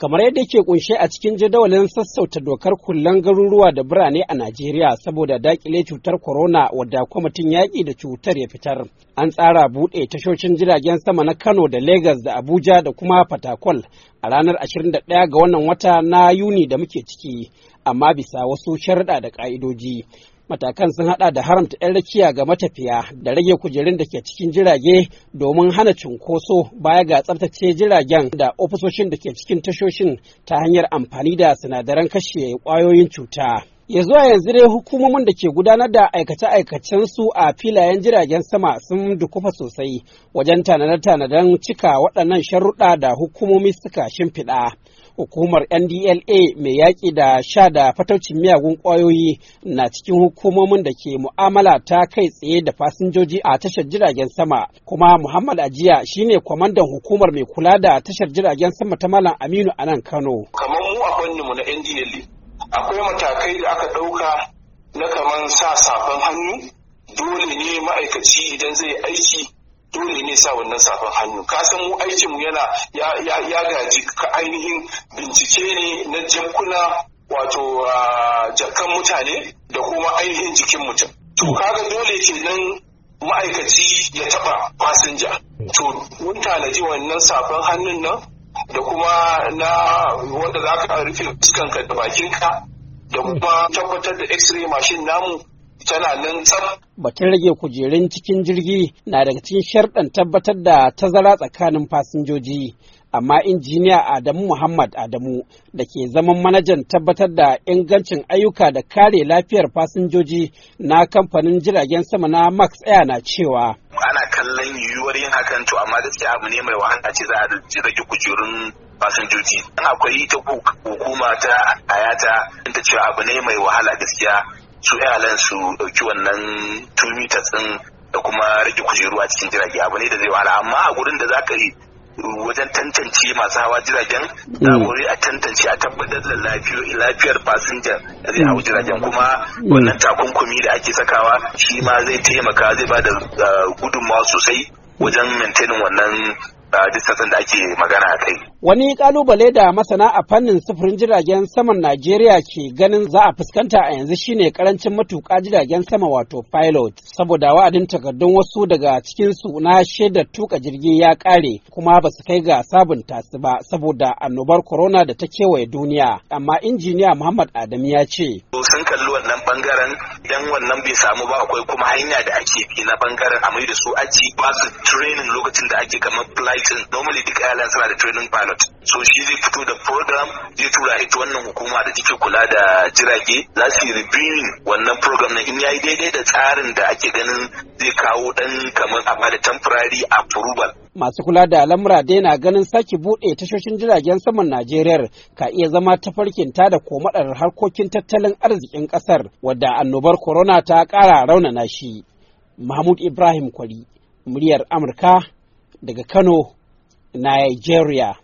kamar yadda ke kunshe a cikin jadawalin sassauta dokar kullan garuruwa da birane a Najeriya saboda dakile cutar corona wadda kwamitin yaƙi da cutar ya fitar. An tsara buɗe tashoshin jiragen sama na Kano da Legas da Abuja da kuma Fatakwal a ranar 21 ga wannan wata na Yuni da muke ciki, amma bisa wasu sharaɗa da ƙa'idoji. matakan sun hada da haramta 'yan rakiya ga matafiya da rage kujerun da ke cikin jirage domin hana cunkoso baya ga tsabtace jiragen da ofisoshin da ke cikin tashoshin ta hanyar amfani da sinadaran kashe kwayoyin cuta. ya zuwa yanzu dai hukumomin da ke gudanar da aikace-aikacen su a filayen jiragen sama sun dukufa sosai wajen tanadar-tanadan cika waɗannan sharuɗa da hukumomi suka shimfiɗa. Hukumar NDLA mai yaƙi da sha da fataucin miyagun ƙwayoyi na cikin hukumomin da ke mu'amala ta kai tsaye da fasinjoji a tashar jiragen sama. Kuma Muhammad Ajiya shine kwamandan hukumar mai kula da tashar jiragen sama ta Malam Aminu a nan Kano. Kamar mu a fanninmu na NDLA akwai matakai da aka ɗauka na kamar sa safan hannu dole ne ma'aikaci idan zai aiki dole ne sa wannan safan hannu kasan mu aikin mu yana ya gaji ainihin bincike ne na jakuna wato jakan mutane da kuma ainihin jikin mutum to kaga dole kenan ma'aikaci ya taba fasinja to mun tanaji wannan safan hannun nan da kuma na wanda za ka rufe fuskanka da bakinka da kuma tabbatar da x-ray mashin namu tana nan Batun rage kujerun cikin jirgi na daga cikin sharɗan tabbatar da tazara tsakanin fasinjoji. Amma injiniya Adamu Muhammad Adamu da ke zaman manajan tabbatar da ingancin ayyuka da kare lafiyar fasinjoji na kamfanin jiragen sama na Max Air na cewa. Ana kallon yiwuwar yin hakan to amma gaskiya abu ne mai wahala ce za a rage kujerun fasinjoji. akwai ta hukuma ta ayata ta cewa abu ne mai wahala gaskiya su iyalan su ɗauki wannan kilometers ɗin da kuma rage kujeru a cikin jirage abu ne da zai wahala amma a gurin da za ka yi wajen tantance masu hawa jiragen za mm. a tantance a tabbatar da lafiyar fasinja da zai hau jiragen kuma mm. wannan takunkumi da ake sakawa shi ma zai taimaka zai ba da eh, gudunmawa sosai wajen maintain wannan da ake magana kai. Wani kalubale da masana a fannin sufurin jiragen saman Najeriya ke ganin za a fuskanta a yanzu shine karancin matuƙa jiragen sama wato pilot saboda wa'adin takardun wasu daga cikin su na shaidar tuka jirgi ya ƙare kuma ba su kai ga sabunta su ba saboda annobar corona da ta kewaye duniya amma injiniya Muhammad Adam ya ce. Sun kalli wannan bangaren idan wannan bai samu ba akwai kuma hanya da ake bi na bangaren a da su aji ba su training lokacin da ake kamar flighting normally duk airlines suna da training pilot so shi zai fito da program zai tura ita wannan hukuma da take kula da jirage za su yi reviewing wannan program na in ya yi daidai da tsarin da ake ganin zai kawo dan kamar a da temporary approval masu kula da lamura dai na ganin sake buɗe tashoshin jiragen saman Najeriya ka iya zama tafarkin ta da komadar harkokin tattalin arzikin ƙasar wadda annobar corona ta ƙara raunana shi. Mahmud Ibrahim Kwari, muryar Amurka daga Kano, Nigeria.